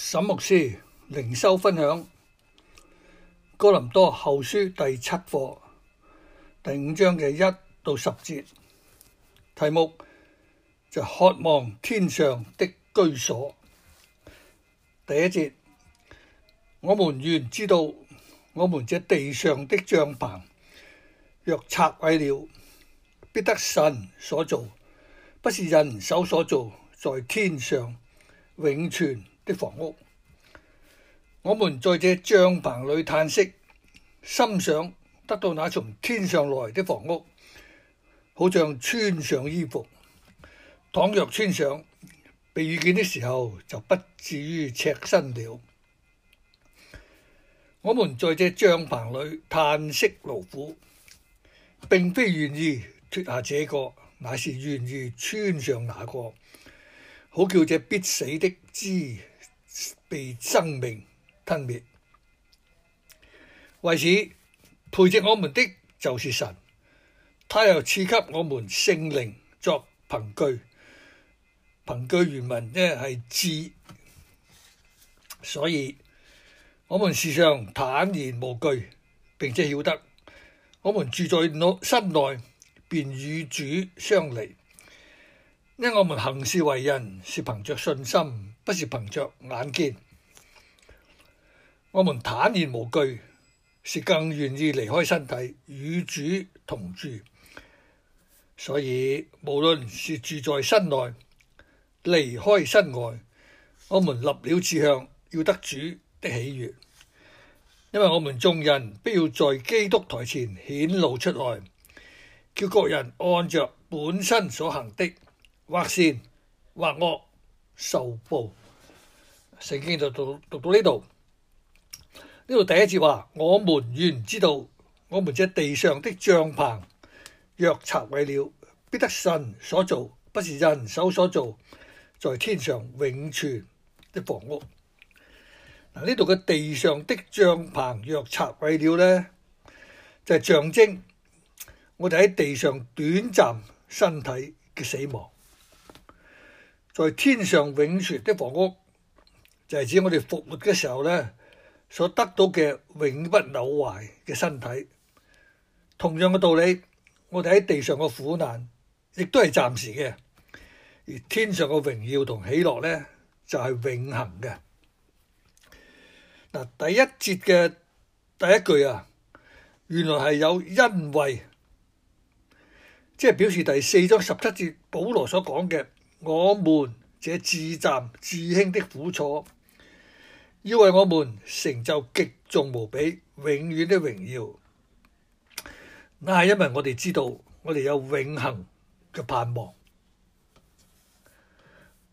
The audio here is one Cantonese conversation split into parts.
沈牧師靈修分享《哥林多後書》第七課第五章嘅一到十節，題目就是《渴望天上的居所》。第一節，我們原知道，我們這地上的帳篷若拆毀了，必得神所造，不是人手所造，在天上永存，的房屋，我們在這帳篷裏嘆息，心想得到那從天上來的房屋，好像穿上衣服。倘若穿上，被遇見的時候就不至於赤身了。我們在這帳篷裏嘆息勞苦，並非願意脫下這個，乃是願意穿上那個，好叫這必死的知。被生命吞滅。為此，培植我們的就是神，他又賜給我們聖靈作憑據。憑據原文呢係質，所以我們時常坦然無懼，並且曉得，我們住在身內，便與主相離，因我們行事為人是憑着信心，不是憑着眼見，我們坦然無懼，是更願意離開身體與主同住。所以無論是住在身內，離開身外，我們立了志向，要得主的喜悅。因為我們眾人必要在基督台前顯露出來，叫各人按着本身所行的，或善或惡受報。聖經就讀讀到呢度，呢度第一節話：我們原知道，我們這地上的帳棚若拆毀了，必得神所造，不是人手所造，在天上永存的房屋。嗱，呢度嘅地上的帳棚若拆毀了呢，就係象徵我哋喺地上短暫身體嘅死亡，在天上永存的房屋，就係、是、指我哋復活嘅時候咧，所得到嘅永不朽壞嘅身體。同樣嘅道理，我哋喺地上嘅苦難，亦都係暫時嘅；而天上嘅榮耀同喜樂咧，就係永恆嘅。嗱，第一節嘅第一句啊，原來係有因為，即係表示第四章十七節保羅所講嘅，我們這至暫至輕的苦楚。要為我們成就極重無比、永遠的榮耀。那係因為我哋知道，我哋有永恒嘅盼望。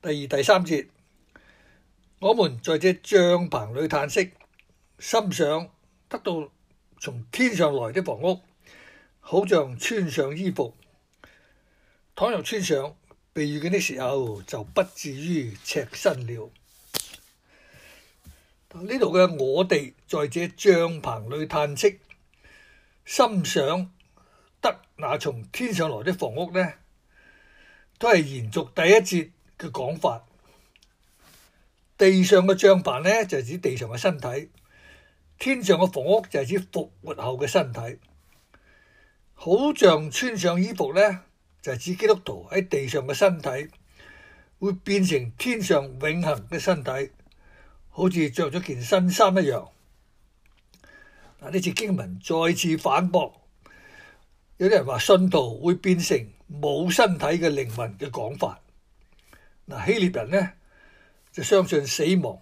第二、第三節，我們在這帳棚裏嘆息，心想得到從天上來的房屋，好像穿上衣服。倘若穿上，被遇見的時候就不至於赤身了。呢度嘅我哋在這帳棚裏嘆息，心想得那從天上來的房屋呢，都係延續第一節嘅講法。地上嘅帳棚呢，就係指地上嘅身體，天上嘅房屋就係指復活後嘅身體。好像穿上衣服呢，就係指基督徒喺地上嘅身體會變成天上永恆嘅身體。好似着咗件新衫一樣。嗱，呢次經文再次反駁，有啲人話信徒會變成冇身體嘅靈魂嘅講法。嗱，希臘人呢，就相信死亡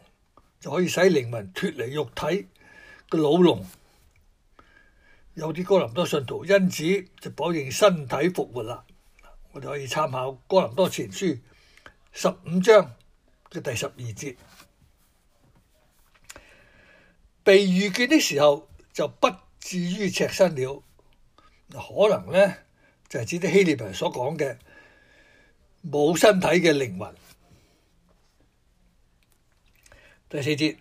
就可以使靈魂脱離肉體嘅牢籠。有啲哥林多信徒因此就否認身體復活啦。我哋可以參考哥林多前書十五章嘅第十二節。被遇見的時候就不至於赤身了。可能呢，就係、是、指啲希臘人所講嘅冇身體嘅靈魂。第四節，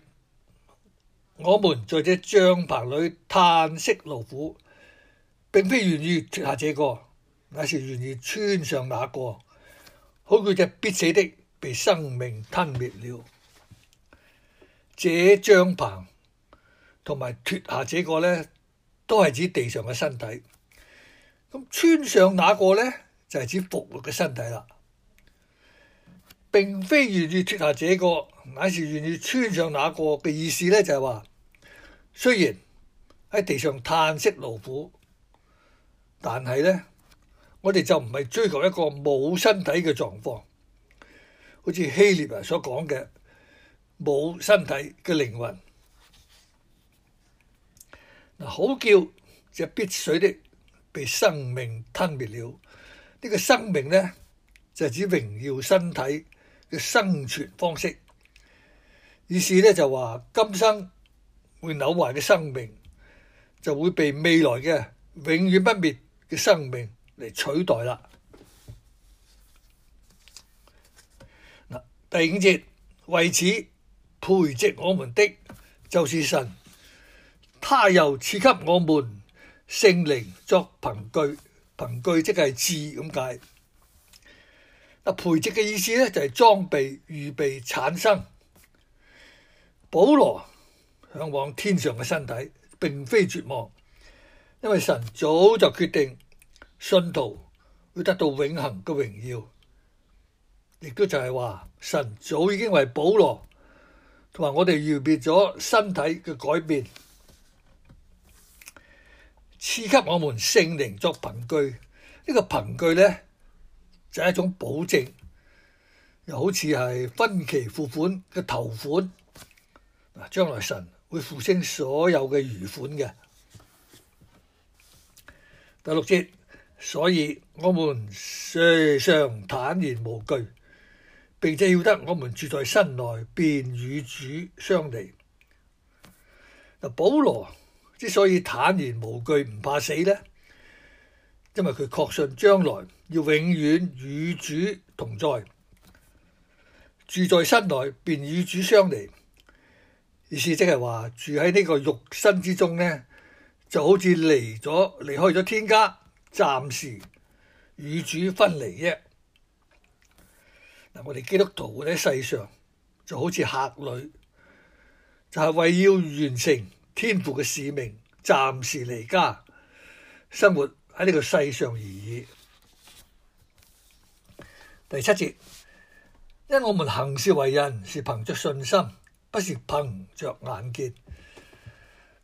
我們在這帳棚裏嘆息勞苦，並非願意脱下這個，乃是願意穿上那個。好叫這必死的被生命吞滅了。這帳棚。同埋脫下這個咧，都係指地上嘅身體。咁穿上那個咧，就係指復活嘅身體啦。並非願意脫下這個，乃是願意穿上那個嘅意思咧，就係話，雖然喺地上嘆息勞苦，但係咧，我哋就唔係追求一個冇身體嘅狀況，好似希臘人所講嘅冇身體嘅靈魂。好叫就必死的被生命吞滅了。呢個生命呢，就指榮耀身體嘅生存方式。於是呢，就話今生會朽壞嘅生命就會被未來嘅永遠不滅嘅生命嚟取代啦。嗱，第五節，為此培植我們的就是神。他又賜給我們聖靈作憑據，憑據即係字咁解。那培植嘅意思咧就係裝備、預備、產生。保羅向往天上嘅身體，並非絕望，因為神早就決定信徒會得到永恆嘅榮耀，亦都就係話神早已經為保羅同埋我哋預備咗身體嘅改變。賜給我們聖靈作憑據，呢個憑據咧就係、是、一種保證，又好似係分期付款嘅頭款，嗱，將來神會付清所有嘅餘款嘅。第六節，所以我們時常坦然無懼，並且要得我們住在身內，便與主相離。嗱，保羅。之所以坦然無懼唔怕死呢？因為佢確信將來要永遠與主同在，住在身內便與主相離，意思即係話住喺呢個肉身之中呢，就好似離咗離開咗天家，暫時與主分離啫。嗱，我哋基督徒喺世上就好似客旅，就係、是、為要完成。天父嘅使命暫時離家，生活喺呢個世上而已。第七節，因為我們行事為人是憑着信心，不是憑着眼見。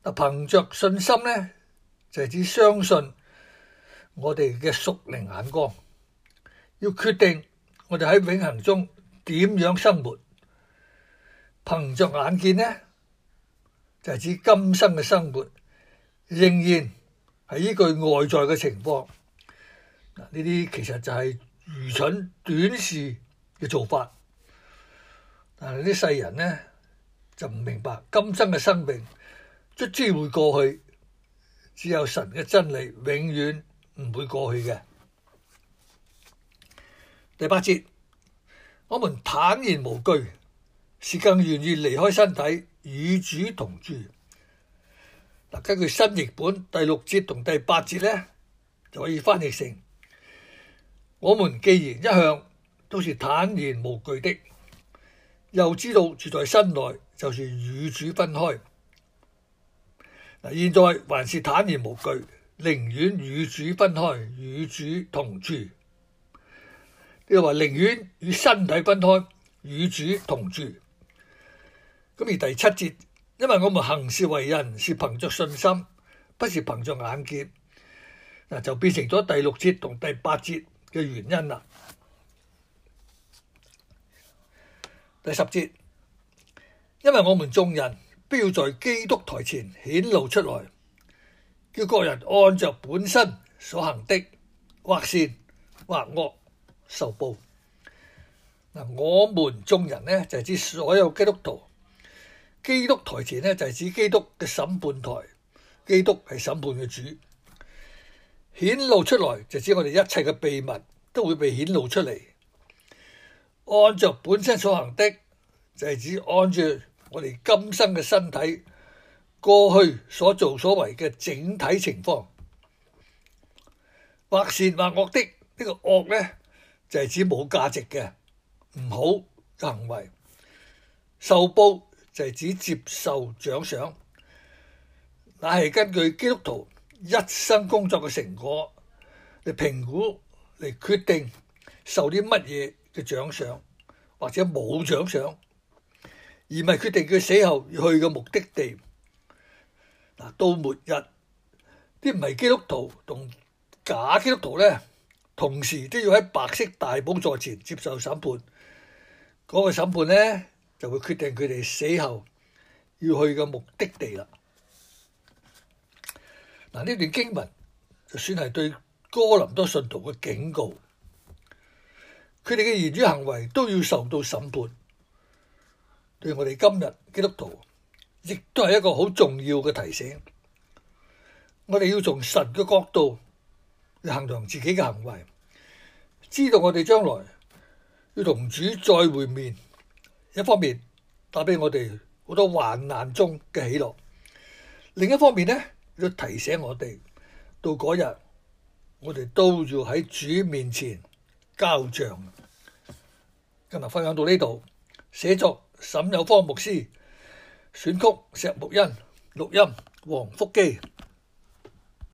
嗱，憑着信心呢，就係指相信我哋嘅屬靈眼光，要決定我哋喺永恆中點樣生活。憑着眼見呢，就係指今生嘅生活仍然係依據外在嘅情況，嗱呢啲其實就係愚蠢短視嘅做法。但係啲世人咧就唔明白，今生嘅生命卒之會過去，只有神嘅真理永遠唔會過去嘅。第八節，我們坦然無懼。是更願意離開身體與主同住。根據新譯本第六節同第八節呢，就可以翻譯成：我們既然一向都是坦然無懼的，又知道住在身內就是與主分開。嗱，現在還是坦然無懼，寧願與主分開，與主同住。你話寧願與身體分開，與主同住。咁而第七節，因為我們行事為人是憑着信心，不是憑着眼見，嗱，就變成咗第六節同第八節嘅原因啦。第十節，因為我們眾人必要在基督台前顯露出來，叫各人按著本身所行的，或善或惡受報。嗱，我們眾人呢，就係指所有基督徒。基督台前呢，就係指基督嘅審判台。基督係審判嘅主，顯露出來就指我哋一切嘅秘密都會被顯露出嚟。按着本身所行的，就係指按住我哋今生嘅身體過去所做所為嘅整體情況，或善或惡的呢個惡呢，就係指冇價值嘅唔好行為、受報。就係、是、只接受獎賞，乃係根據基督徒一生工作嘅成果嚟評估，嚟決定受啲乜嘢嘅獎賞，或者冇獎賞，而唔係決定佢死後要去嘅目的地。嗱，到末日，啲唔係基督徒同假基督徒咧，同時都要喺白色大寶座前接受審判。嗰、那個審判咧～就會決定佢哋死後要去嘅目的地啦。嗱，呢段經文就算係對哥林多信徒嘅警告，佢哋嘅言語行為都要受到審判。對我哋今日基督徒，亦都係一個好重要嘅提醒。我哋要從神嘅角度去衡量自己嘅行為，知道我哋將來要同主再會面。一方面帶俾我哋好多患難中嘅喜樂，另一方面咧都提醒我哋，到嗰日我哋都要喺主面前交賬。今日分享到呢度，寫作沈有方牧師，選曲石木欣，錄音黃福基。